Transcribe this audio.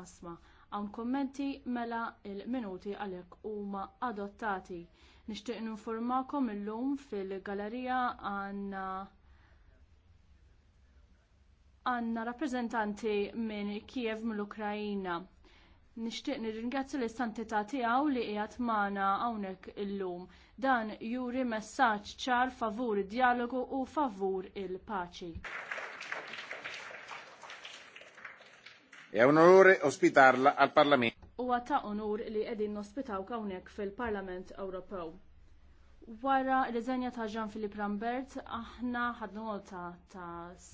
asma. Għam kommenti mela il-minuti għalek huma adottati. Nishtiq ninformakom illum fil-galerija għanna għanna rappresentanti minn Kiev mill-Ukrajina. Nixtieq nirringrazzja l-istantità tiegħu li qiegħed magħna hawnhekk illum. Dan juri messaġġ ċar favur id-dialogu u favur il-paċi. E onore ospitarla al Parlamento. Huwa ta' onur li qegħdin nospitaw hawnhekk fil-Parlament Ewropew. Wara r-reżenja ta' Jean-Philippe Rambert, aħna ħadnu ta' ta'